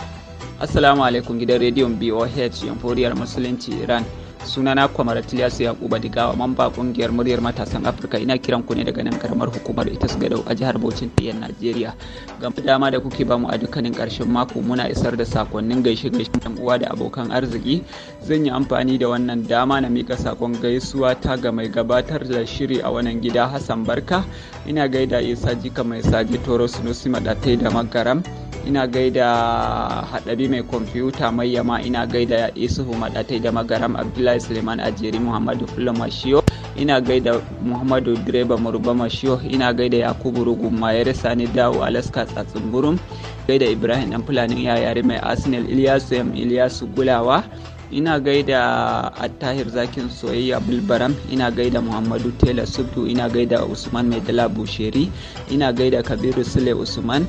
H: assalamu alaikum gidan rediyon boh yamforiyar musulunci iran sunana kwamar tiliyasu yakuba digawa mamba kungiyar muryar matasan afirka ina kiran ku ne daga nan karamar hukumar ita su gadau a jihar bauchin tiyan najeriya ga dama da kuke bamu a dukkanin karshen mako muna isar da sakonnin gaishe gaishe yan uwa da abokan arziki zan yi amfani da wannan dama na mika sakon gaisuwa ta ga mai gabatar da shiri a wannan gida hassan barka ina gaida isa jika mai sage toro sunusi madatai da magaram ina gaida haɗabi mai kwamfuta mai yama ina gaida isuhu madatai da magaram abdullahi abdullahi suleiman ajeri muhammadu fulla mashiyo ina gaida muhammadu direba maruba mashiyo ina gaida yakubu rugun mayar sani dawo alaska tsatsunburum gaida ibrahim dan fulanin yayari mai arsenal ilyasu yam ilyasu gulawa ina gaida attahir zakin soyayya bilbaram ina gaida muhammadu tela subdu ina gaida usman mai dala busheri ina gaida kabiru sule usman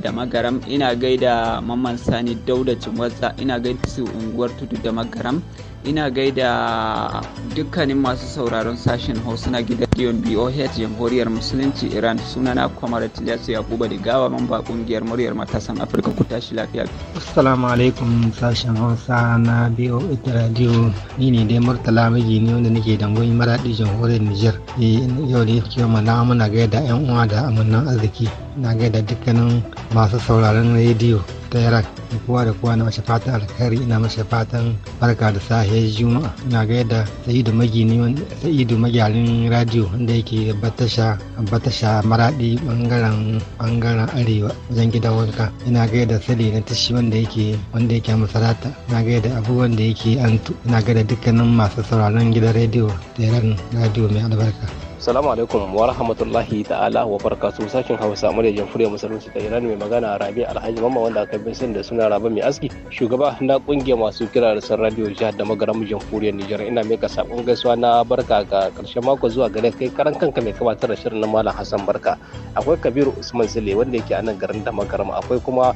H: da magaram ina gaida mamman sani dauda cin ina gaida su unguwar tudu da magaram ina gaida dukkanin masu sauraron sashen hausa na gidan rediyon boh jamhuriyar musulunci iran sunana kwamar tiliyasu yakuba da gawa mamba kungiyar muryar matasan afirka ku tashi lafiya
F: assalamu alaikum sashen hausa na boh radio ni ne dai murtala miji ne wanda nake dangoyi maradi jamhuriyar niger eh, yau da yake mana muna gaida yan uwa da amannan arziki na gaida dukkanin masu sauraron rediyo ta iraq da kowa da kowa na masa fatan alkhairi ina masa fatan barka da sahiyar juma'a ina gaida sa'idu magini sa'idu magyarin radio wanda yake batasha batasha maradi bangaren bangaren arewa wajen gidan wanka ina gaida sale na tashi wanda yake wanda yake masarata ina gaida abubuwan da yake antu ina gaida dukkanin masu sauraron gidan radio da radio mai albarka
C: Assalamu
I: alaikum wa rahmatullahi ta'ala wa barakatuh sakin Hausa murya jamhuriyar musulunci ta Iran mai magana Rabi Alhaji Mamman wanda aka bin sun da suna Rabi mai aski shugaba na kungiyar masu kira da san radio jihar da magaramin jamhuriyar Nijar ina ka sakon gaisuwa na barka ga karshen mako zuwa gare kai karan kanka mai gabatar da shirin na Malam Hassan Barka akwai Kabiru Usman Sule wanda yake a nan garin da magaramu akwai kuma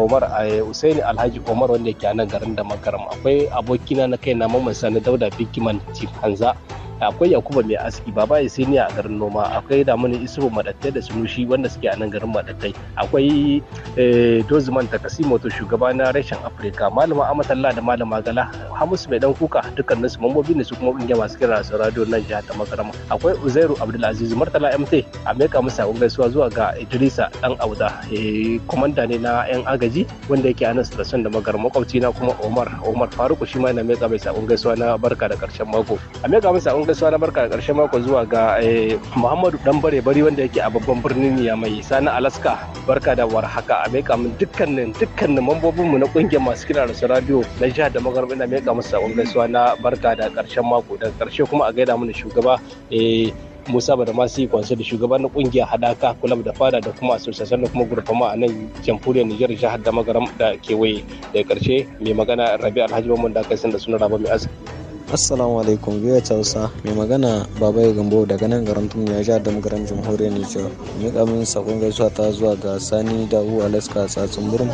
I: Umar eh, eh, Usaini Alhaji Omar wanda yake a nan garin da magaramu akwai abokina na kai na Mamman Sani Dauda Bikiman Chief Hanza akwai yakuba mai aski baba isiniya a garin noma akwai damani isubu madattai da sunushi wanda suke a nan garin madattai akwai eh, doziman takasimo to shugaba na reshen afirka malama amatalla da malama gala hamisu mai dan kuka dukkan nasu mambobi ne su kuma kungiya masu kira su radio nan jihar ta makarama akwai uzairu abdulaziz martala mt a meka musa gaisuwa zuwa ga idrisa dan auda eh, komanda ne na yan agaji wanda yake a nan station da magar makwabci na kuma omar omar faruku shi ma na meka mai sakon gaisuwa na barka da karshen mako a mai sakon gaisuwa na barka da ƙarshen mako zuwa ga eh, Muhammadu Dan Bare Bari wanda yake a babban birnin Niyamai Sani Alaska barka da warhaka a meka min dukkanin dukkanin mambobin mu na kungiyar masu kira da su radio na jihar da magarbi na meka musu sabon gaisuwa na barka da ƙarshen mako da ƙarshe kuma a gaida mana shugaba eh, Musa masu yi Kwanse da shugaban na kungiyar hadaka kulab da fada da kuma asusasan da kuma gurfama a nan jamhuriyar Nijar jihar da magaram da kewaye da karshe mai magana Rabi Alhaji mun da kai da suna Raba mai asibiti.
E: assalamu alaikum biyu hausa mai magana baba ya gambo daga nan garin tum ya jihar damgaran jamhuriyar nijar miƙa min sakon gaisuwa ta zuwa ga sani da u alaska tsatsun burin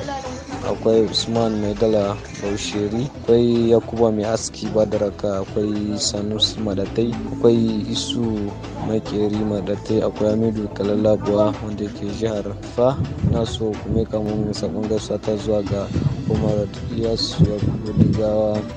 E: akwai usman mai dala bausheri akwai yakuba mai aski badaraka akwai sanusi madatai akwai isu mai madatai akwai hamidu kalalabuwa wanda ke jihar fa na so kuma min sakon gaisuwa ta zuwa ga umar iyasu yakubu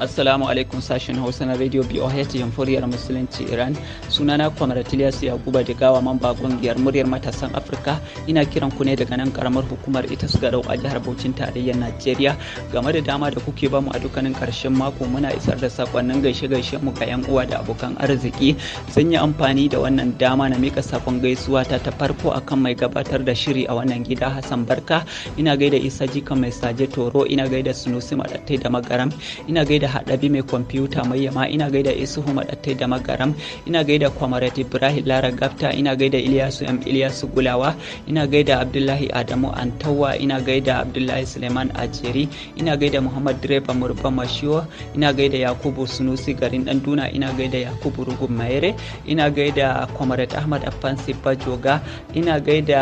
H: Assalamu alaikum sashen Hausa na Radio BOH Jamhuriyar Musulunci Iran. Sunana Kwamar Tilias Yakuba da gawa mamba kungiyar muryar matasan Afirka. Ina kiran ku ne daga nan karamar hukumar ita su garau a jihar Bauchin tarayyar Najeriya. Game da dama da kuke ba mu a dukkanin karshen mako muna isar da sakonnin gaishe gaishe mu ga yan uwa da abokan arziki. Zan yi amfani da wannan dama na mika sakon gaisuwa ta ta farko akan mai gabatar da shiri a wannan gida Hassan Barka. Ina gaida Isa Jika mai saje Toro, ina gaida Sunusi Madattai da Magaram, ina gaida haɗabi mai kwamfuta mai yama ina gaida isuhu maɗattai da magaram ina gaida kwamarat ibrahim lara gafta ina gaida iliyasu m iliyasu gulawa ina gaida abdullahi adamu antawa ina gaida abdullahi suleiman ajeri ina gaida muhammad direba murba mashiwa ina gaida yakubu sunusi garin dan duna ina gaida yakubu rugun mayere ina gaida kwamarat ahmad afansi bajoga ina gaida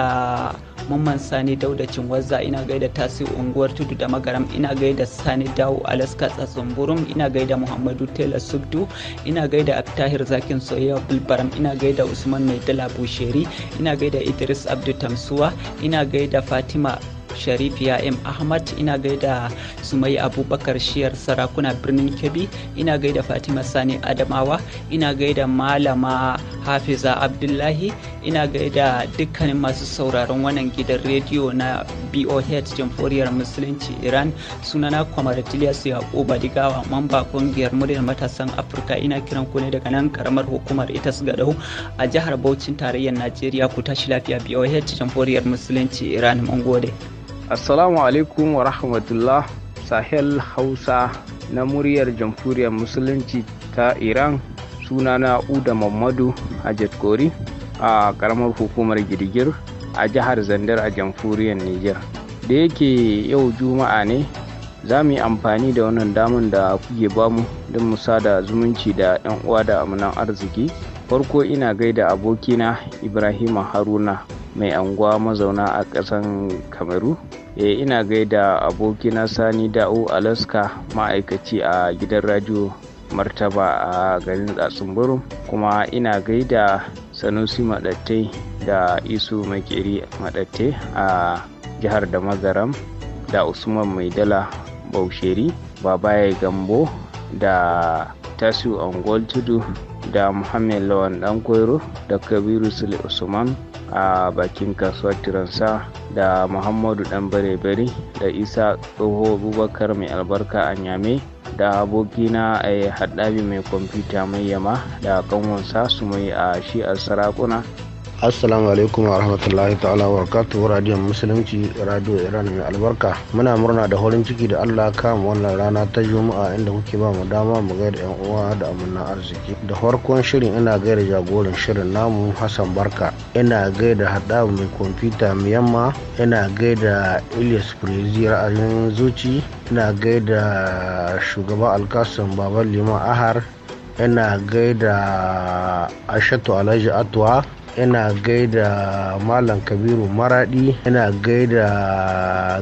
H: mamman sani dauda cinwazza ina gaida tasi unguwar tudu da magaram ina gaida sani dawo alaska burum ina gaida muhammadu taylor subdu ina gaida abtahir zakin soyayya bulbaram ina gaida usman mai dala busheri ina gaida idris abdu tamsuwa ina gaida fatima sharif ya m ahmad ina gaida sumai abubakar shiyar sarakuna birnin kebbi ina gaida fatima sani adamawa ina gaida malama hafiza abdullahi ina gaida dukkanin masu sauraron wannan gidan rediyo na boh jamhuriyar musulunci iran sunana kwamar julius yakuba digawa mamba kungiyar muryar matasan afirka ina kiran ku ne daga nan karamar hukumar ita itas gadau a jihar bauchin tarayyar najeriya ku tashi lafiya boh jamhuriyar musulunci iran mun gode Assalamu alaikum wa rahmatullah Sahel Hausa
J: na muryar jamhuriyar musulunci ta Iran sunana Uda Mamadu a a karamar hukumar girgir a jihar Zandar a jamhuriyar Nijar. Da yake yau juma'a ne za mu yi amfani da wannan damar da kuke bamu don mu da zumunci da 'yan uwa da amunan arziki farko ina gaida abokina Ibrahim haruna mai anguwa mazauna a ƙasan kameru e, eh, ina gaida abokina sani da'o alaska ma'aikaci a gidan radio martaba a garin tsatsunburu kuma ina gaida sanusi maɗatte da isu makeri maɗatte a jihar da magaram da usman mai maidala bausheri babaye gambo da tasiu angol tudu da muhammed lawan dan da kabiru sule usman a bakin kasuwar tiransa da muhammadu dan bare-bare da isa tsoho abubakar mai albarka a nyame da abokina a eh, haɗabi mai kwamfuta mai yama da kanwansa su mai a shi a
G: sarakuna assalamu alaikum wa rahmatullahi ta'ala wa barakatuhu radiyon musulunci radio iran mai albarka muna murna da horin ciki da allah kama wannan rana ta juma'a inda kuke ba mu dama mu gaida yan uwa da amanna arziki da farkon shirin ina gaida jagoran shirin namu hassan barka ina gaida hada mai kwamfuta miyamma ina gaida ilyas prezi ra'ayin zuci ina gaida shugaban alkasan baban liman ahar ina gaida ashatu alhaji atuwa ina gaida malam kabiru maradi ina gaida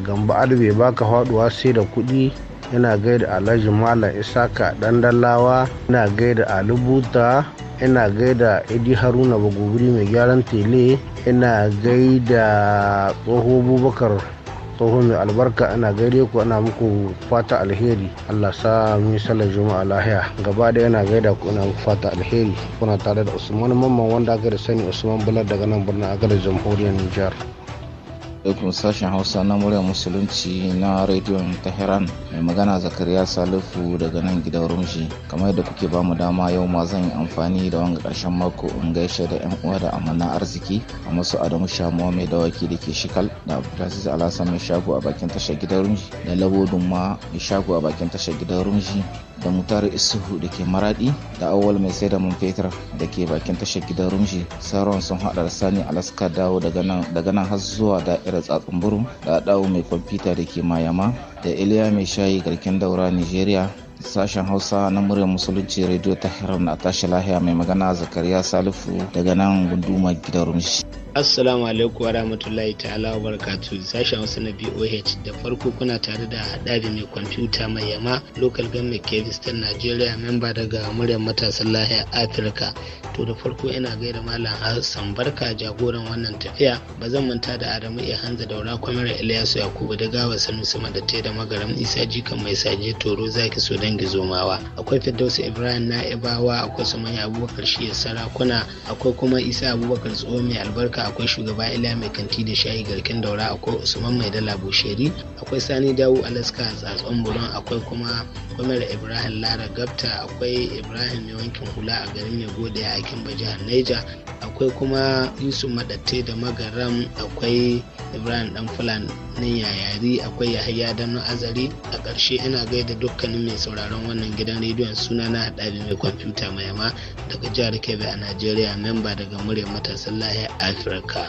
G: gamba albe baka faduwa sai da kuɗi ina gaida alhaji malam isaka dandalawa ina gaida alubuta ina gaida idi haruna bagobiri mai gyaran tele ina gaida tsoho bubakar tsoho mai albarka ana gaire ku ana muku fata alheri allah sa mu yi sallar juma'a lahiya gaba da yana gaida ku ina muku fata alheri kuna tare da usman mamman wanda aka da sani usman bular daga nan birnin agadar jamhuriyar nijar alaikum sashen hausa na murya musulunci na rediyon Tahiran, mai magana zakariya
E: salifu daga nan gidan rumshi kamar yadda kuke bamu dama yau ma zan yi amfani da wanga karshen mako in gaishe da yan uwa da amana arziki a masu adamu shamu mai dawaki da ke shikal da abdulaziz alhassan mai shago a bakin tashar gidan rumshi da labodun ma mai shago a bakin tashar gidan rumshi da mutar isuhu da ke maradi da awal mai sai da man fetur da ke bakin tashar gidan rumshi sauran sun haɗa da sani alaska dawo daga nan har zuwa da'irar da tsatsun da dawo mai kwamfuta da ke mayama da iliya mai shayi garken daura nigeria sashen hausa na muryar musulunci radio ta na tashi lahiya mai magana zakariya salifu daga nan gunduma gidan rumshi
K: Assalamu alaikum wa rahmatullahi ta'ala wa barakatu sashen wasu na BOH da farko kuna tare da haɗari mai kwamfuta mai yama local government kevistan Najeriya memba daga muryar matasan lahiyar Afirka. To da farko ina gaida Malam Hassan Barka jagoran wannan tafiya ba zan manta da Adamu iya hanza daura kwamar Ilyasu Yakubu da gawa sanu sama da magaram Isa Jika mai saje Toro zaki so dangi zomawa. Akwai Firdausu Ibrahim Na'ibawa akwai Sumaya Abubakar shi sarakuna akwai kuma Isa Abubakar tsohon mai albarka akwai shugaba ila mai kanti da shayi garkin daura akwai usman mai dala busheri akwai sani dawo alaska tsatson buron akwai kuma kwamar ibrahim lara gabta akwai ibrahim mai wankin hula a garin ya gode a jihar niger akwai kuma yusuf madatte da magaram akwai ibrahim dan fulani yayari akwai yahaya dan azari a ƙarshe ina gaida dukkanin mai sauraron wannan gidan rediyon suna na haɗari mai kwamfuta mai yama daga jihar kebbi a najeriya memba daga murya matasan lahiyar Amurka.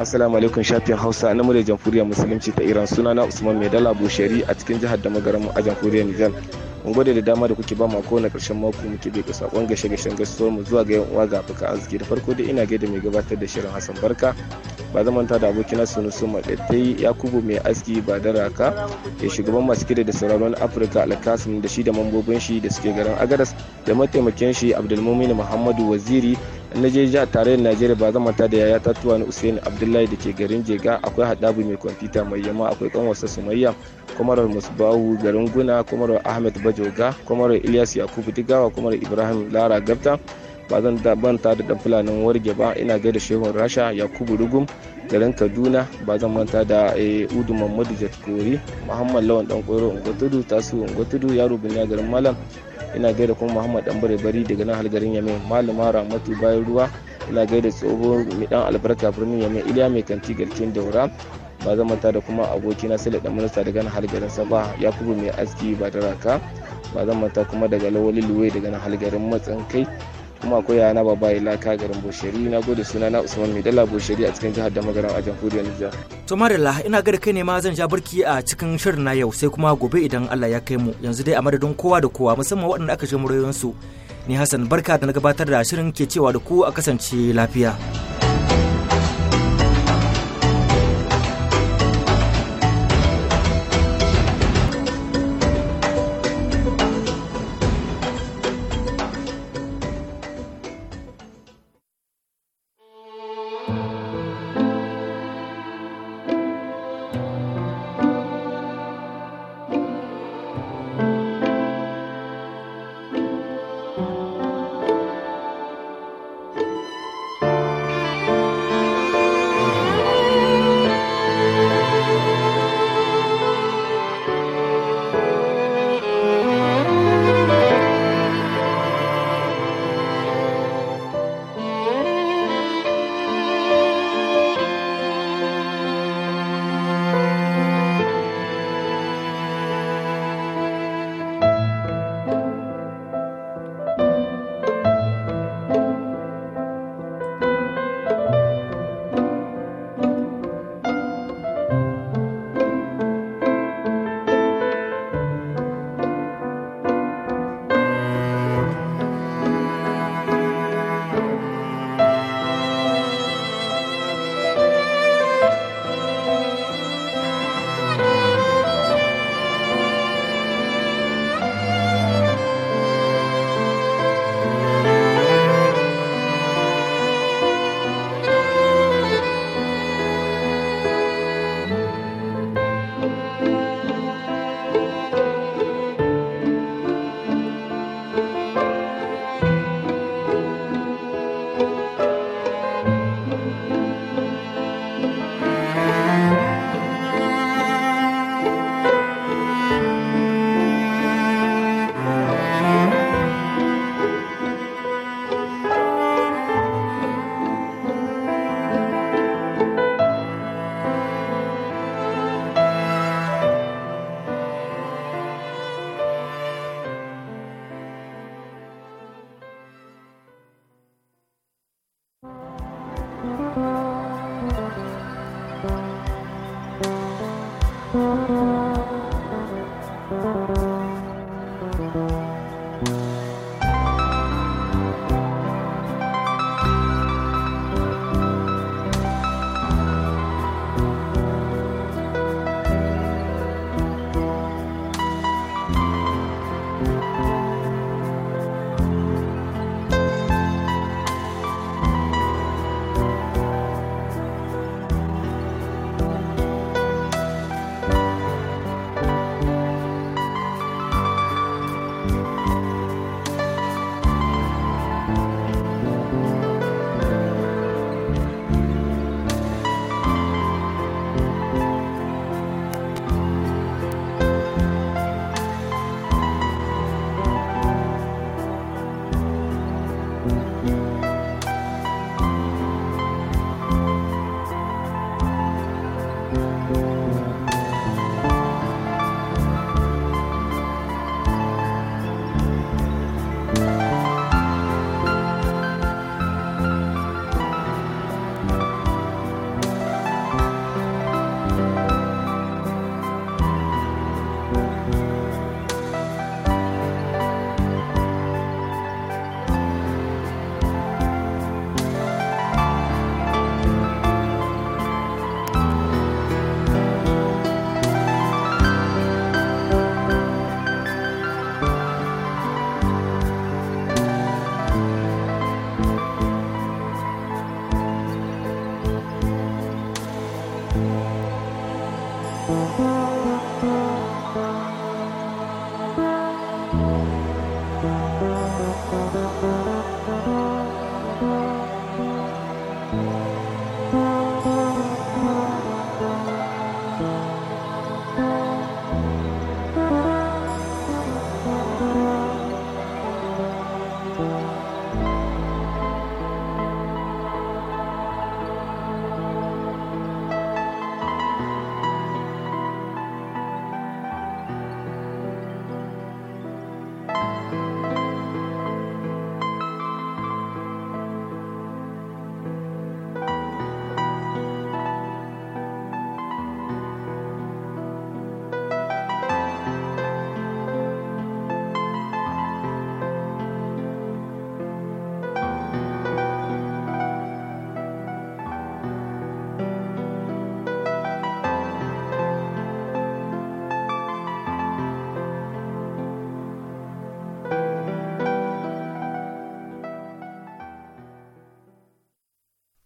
E: Assalamu alaikum shafin Hausa na muryar Jamhuriyar Musulunci ta Iran suna na Usman Maidala Bushari a cikin jihar da magaramu a Jamhuriyar Nijar. mun gode da dama da kuke ba mu kowane karshen mako muke bai ka sakon gashe gashen gasuwar mu zuwa ga uwa ga afirka arziki da farko dai ina gaida mai gabatar da shirin hassan barka ba zaman ta da abokina sunu su maɗaɗai yakubu mai aski ba da raka ya shugaban masu kira da sauraron afirka alkasim da shi da mambobin shi da suke garin agaras da mataimakin shi abdulmumin muhammadu waziri na je tare tarayyar najeriya ba zan manta da yaya tatuwa na usaini abdullahi da ke garin jega akwai hadabu mai kwamfuta mai yamma akwai kan wasa sumayya kwamarar musbahu garin guna kwamarar ahmed bajoga kwamarar ilyas yakubu digawa kwamarar ibrahim lara gabta ba zan manta da dan fulanin warge ba ina gaida shehun rasha yakubu rugum garin kaduna ba zan manta da eh, udu mamadu jatkori muhammad lawan dan koyro ungotudu tasu ungotudu yaro binya garin malam ina gaida kuma muhammad dan bari daga nan halgarin yamin malama ramatu bayan ruwa ina gaida tsohon mai dan albarka birnin yamin iliya mai kanti garcin daura ba zan da kuma abokina sule dan minista daga nan halgarin saba yakubu mai aski ba da raka ba zan kuma daga lawali luwai daga nan halgarin matsin kai kuma akwai yana baba ilaka garin bosheri na gode suna na usman mai dala bosheri a cikin jihar damagaran a jamhuriyar nijar
B: to marilla ina ga da kai ne ma zan ja barki a cikin shirin na yau sai kuma gobe idan allah ya kai mu yanzu dai a madadin kowa da kowa musamman waɗanda aka je su ni hassan barka da na gabatar da shirin ke cewa da ku a kasance lafiya.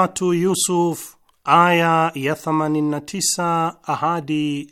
C: Suratu Yusuf aya ya 89 ahadi